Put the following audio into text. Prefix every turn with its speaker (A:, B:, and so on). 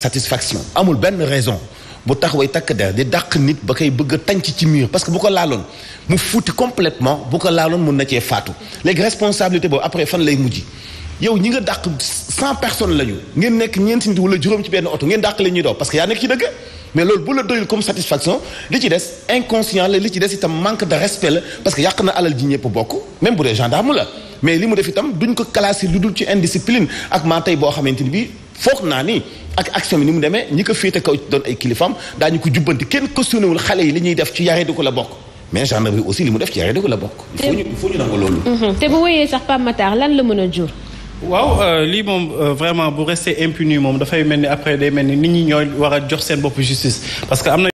A: satisfaction amul benn raison bu taxaway takk der di dàq nit ba koy bëgg a tànc ci miir parce que bu ko laaloon mu fuuti complètement bu ko laaloon mun na cee faatu léegi responsabilité boobu après fan lay mujj yow ñi nga dàq cent personnes la ngeen nekk ñeenti nit wala juróom ci benn oto ngeen dàq la ñuy daw parce que yaa nekk ci dëgg mais loolu bu la doyul des inconscient la li ci parce que yàq na alal ji ñëpp bokk même bu dee gendarme la mais li mu def itam duñ ko classé lu dul ci indiscipline ak maa tey boo xamante ni bii foog naa ni ak action bi ni mu demee ñi ko féete kaw doon ay kilifaam daañu ko jubbanti kenn questionné xale yi li ñuy def ci yaree ko la bokk mais gendarmerie aussi li mu def ci yaree ko la bokk.
B: il faut ñu il ñu nangu loolu.
C: Mhm. te bu wéyee sax Pape
D: lan la mën a jur.
B: waaw euh, lii moom euh, vraiment bu rester impuni moom dafay mel ni après day mel ni nit ñi ñooy war a jox seen bopp justice parce que am na.